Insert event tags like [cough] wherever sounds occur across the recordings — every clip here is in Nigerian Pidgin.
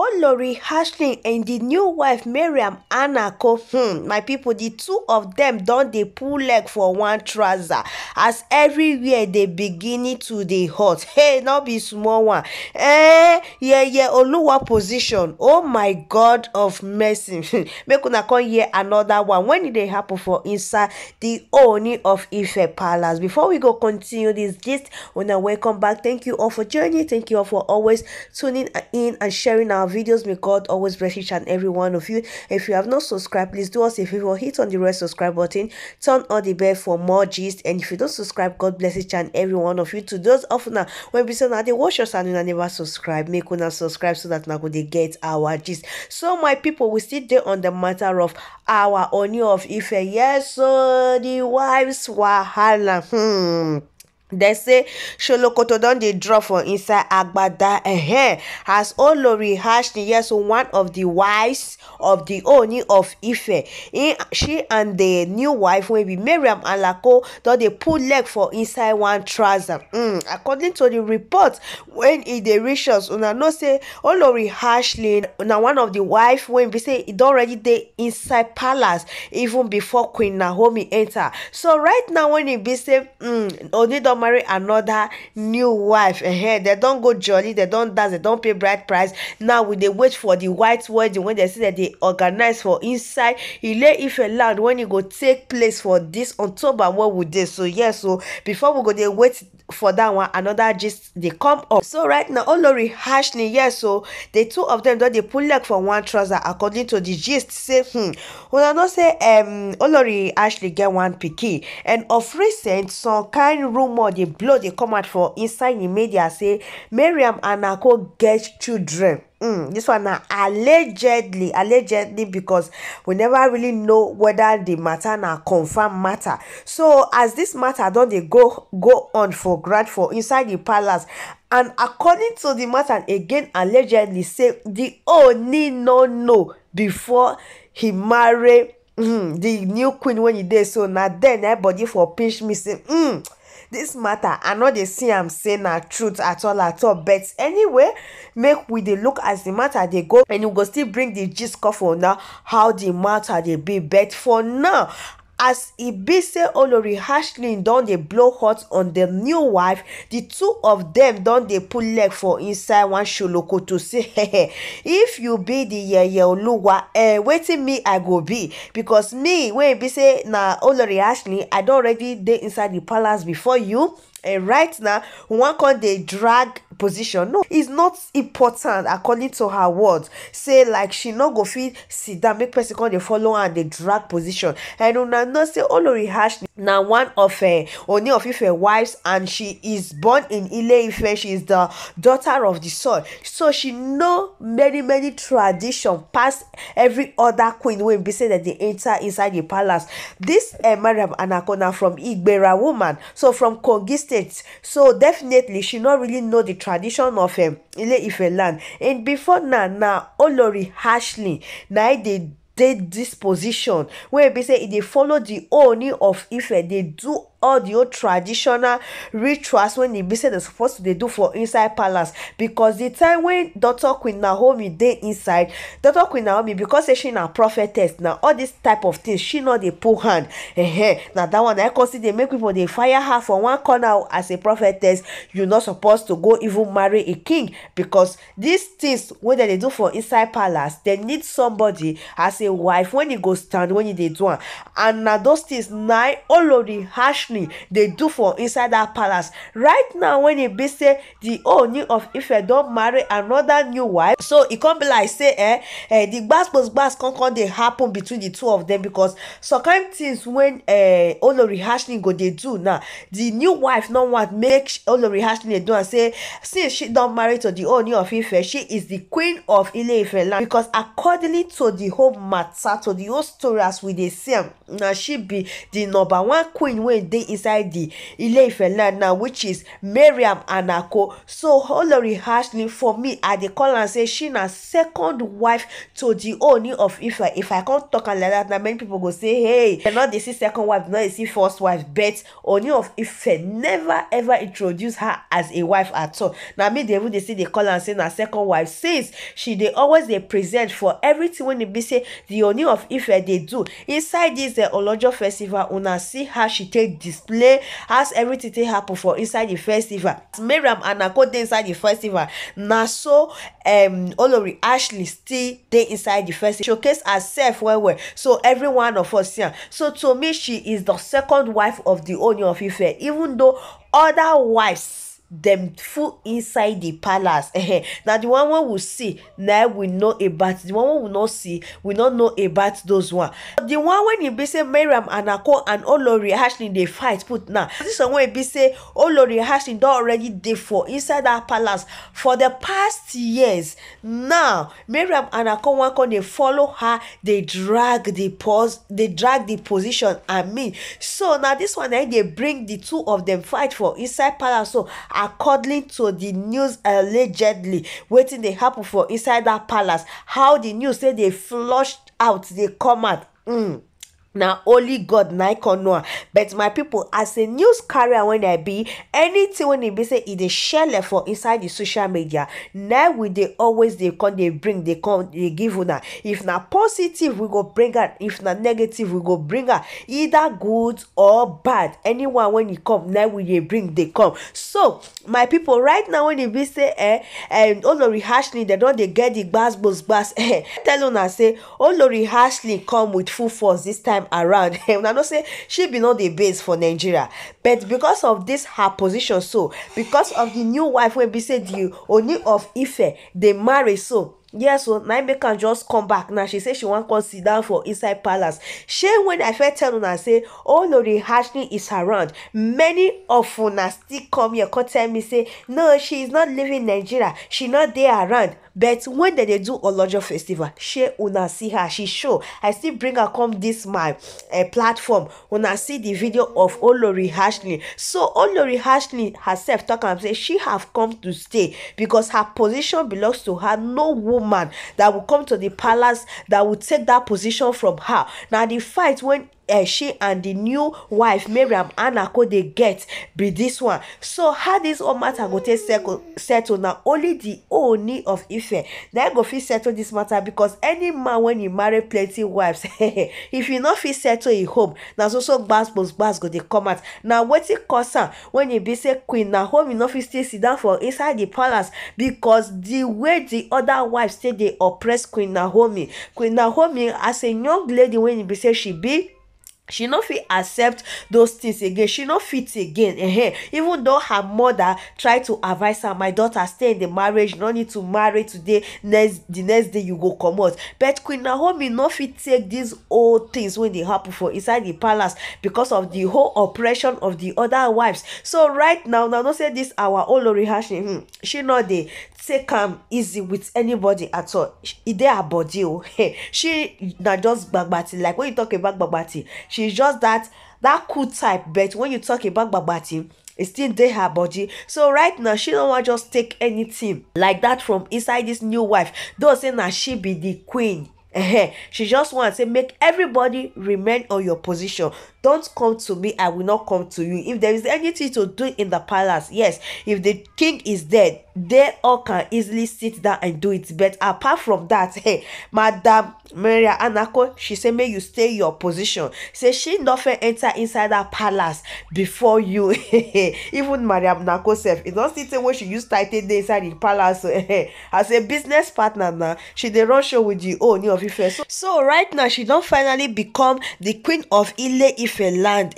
Oh, Lori Ashley and the new wife Miriam Anna Kofun, hmm, my people, the two of them don't they pull leg for one trouser as everywhere they beginning to the hot. Hey, no be small one. Eh, yeah, yeah, Oluwa position. Oh my God of mercy. [laughs] Make una come hear another one. When did dey happen for inside the Ooni of Ife Palace. Before we go continue this gist, I welcome back. Thank you all for joining. Thank you all for always tuning in and sharing our our videos. May God always bless each and every one of you. If you have not subscribed, please do us a favor. Hit on the red subscribe button. Turn on the bell for more gist. And if you don't subscribe, God bless each and every one of you. To those of now, when we say now they watch us and never subscribe, make una subscribe so that now they get our gist. So my people, we still there on the matter of our only of a Yes, so the wives were Hmm. dem say sholokoto don dey drop for inside agbada ehen as olori rehash the years one of di wives of di oni of ife she and di new wife wey be mariam alako don dey put leg for inside one trouser mm, according to di report wen e dey reach us una know say olori hashley na one of di wife wey be say e don already dey inside palace even before queen Nahomi enter. so right now wen e be say mm, oni don marry another new wife -huh. they don't go jolly They don't dance They don't pay bright price now we they wait for the white wedding when they say that they organize for inside he if a land when e go take place for this october What would dey so yes so before we go dey wait for that one another. Just they come up so right now olori hashni yes so the two of them don't they pull leg for one trouser according to the gist say hmm una know say um olori ashley get one picky. and of recent some kind rumor mouth dey blow dey come out for inside the media say mariam and nako get children mm, dis one now allegedly allegedly because we never really know whether the matter now confam matter so as this matter don't they go go on for ground for inside the palace and according to the matter again allegedly say the only no know before he marry mm, di new queen when he did so Now then, na for pinch me say mm, This matter i no dey see am say na truth at all at all but anyway make we dey look as the matter dey go and we go still bring the gist come for una how the matter dey be but for now as Ibise Olori Ashley don dey blow hot on dem new wife di two of dem don dey put leg for inside one to say [laughs] if you be di yeye oluwa eh wetin me i go be because me wey be say na Olori Ashley i don already dey inside di palace before you and eh, right now one con dey drag position no it's not important according to her words say like she no go feel sit down make person come dey follow her and dey drag position and on know say all olori ash Now one of her, eh, oni of if her wives and she is born in ile ife she is the daughter of the soil. so she know many many tradition past every other queen when be say that they enter inside the palace this uh, mariam anakona from igbera woman so from kogi states so definitely she not really know the tradition of um, ile-ife land and before now now olori harshly now they did this position where they say they follow the oni of ife They do all the old traditional rituals when the nibise they supposed to they do for inside palace because the time when doctor queen naomi they inside doctor queen naomi because say she na prophetess now all this type of things she no dey put hand now that one i consider dey make people they fire her for one corner as a prophetess you not supposed to go even marry a king because these things wey they dey do for inside palace they need somebody as a wife when you e go stand when you e dey do am and now those things na olori harsh harshly dey do for inside that palace right now when e be say the oni of ife don marry another new wife so e come be like say eh eh di gbasgbos gbas come come dey happen between the two of them because some kind things when eh olori harshly go dey do now The new wife no want make olori harshly dey do am say since she don marry to the oni of ife she is the queen of ile ife land because according to the whole matter to the whole story as we dey see am na she be the number one queen wey dey stay inside the Ile-Ife land now, which is Mariam Anako. So Olori Ashley, for me, I dey call am say she na second wife to the Ooni of Ife. If I come talk am like that, now, many people go say, hey, dem no dey see second wife, dem no dey see first wife, but Ooni of Ife never ever introduce her as a wife at all. Na me dey even dey see dey call am say na second wife since she dey always dey present for everything wey e be say the Ooni of Ife dey do. Inside this uh, Olojo festival, una see how she take display as everything take happen for inside the festival as mariam and nako dey inside the festival na so um, olori ashley still dey inside the festival showcase herself well well so every one of us see am so to me she is the second wife of the Ooni of Ife even though other wives dem full inside the palace [laughs] eh na the one wey we see na we know about the one wey we no see we no know about those one the one wey e be say mariam anako and olori ashley dey fight put now this one wey be say olori ashley don already dey for inside that palace for the past years now mariam anako wan come dey follow her dey drag the pos dey drag the position i mean so na this one na eh, dey bring the two of them fight for inside palace so according to the news allegedly wetin dey happen for inside that palace how the news say dey flushed out dey come out. Mm na only god na i con know am but my people, as a news carrier wey i be anything wey e be say e dey shele for inside the social media na we dey always dey come dey bring dey come dey give una if na positive we go bring am if na negative we go bring am either good or bad anyone wey e come na we dey bring dey come so my people, right now when e be say eh eh olori ashley dem don dey get the gbas gbas [laughs] eh. tell una say olori ashley come with full force this time time around una [laughs] know say she be not the base for nigeria but because of this her position so because of the new wife wey be say the oni of ife dey marry so yes so na im make am just come back now she say she wan come sit down for inside palace shey when i first tell una say olori oh, ashley is around many of una still come here come tell me say no she is not leaving nigeria she no dey around but when they dey do olojo festival shey una see her she show i still bring her come dis my eh, platform When I see the video of olori ashley so olori ashley herself tok am say she have come to stay because her position belongs to her no woman that will come to the palace that will take that position from her Now the fight when uh, she and the new wife miriam anako dey get be this one so how this whole matter go take settle settle na only the Ooni of Ife na go fit settle this matter because any man when he marry plenty wives [laughs] if he no fit settle him home na so so gbasgbos gbas go dey come out na wetin cause am when e be say queen na home he no fit still sit down for inside the palace because the way the other wives take dey oppress queen naomi queen naomi as a young lady when e be say she be she no fit accept those things again she no fit again -huh. even though her mother try to advise her my daughter stay in the marriage you no need to marry today next the next day you go comot but queen naomi no fit take these old things wey dey happen for inside the palace because of the whole oppression of the other wives so right now na know say this our olori hashi hmm, she no dey take am easy with anybody at all e dey her body o oh. [laughs] she na just gbagbati like when you talk about gbagbati she's just that that cool type but when you talk about gbagbati e still dey her body so right now she don't want just take anything like that from inside this new wife though say na she be the queen she just wan to make everybody remain on your position don't come to me i will not come to you if there is anything to do in the palace yes if the king is dead they all can easily sit down and do it but apart from that hey madam maria anako she said, may you stay your position say she no enter inside that palace before you [laughs] even maria anako self e not sitting tey wey she use title dey inside the palace so [laughs] eh, as a business partner Now she the run show with the ooni of ife so, so right now she don finally become the queen of ile ife ife land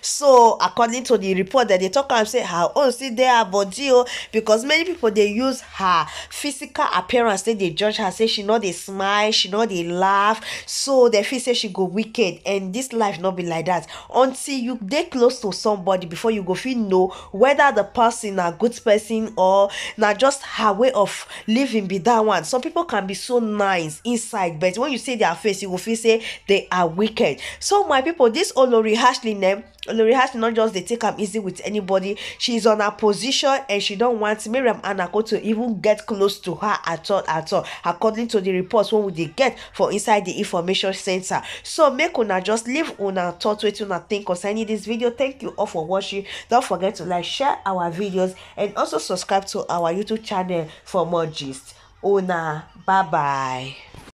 so according to the report that they talk am say her own still dey her body o oh, because many people dey use her physical appearance take dey judge her say she no dey smile she no dey laugh so dem feel say she go wicked and this life no be like that. until you dey close to somebody before you go fit know whether the person na good person or na just her way of living be that one some people can be so nice inside but when you see their face you go feel say they are wicked so my people, this olori ashley name olori ashley not just dey take am easy with anybody she is on her position and she don want miriam anako to even get close to her at all at all according to the reports wey we dey get for inside the information center? so make una just leave una thought wetin una think concerning this video thank you all for watching Don't forget to like share our videos and also subscribe to our youtube channel for more gist una bye bye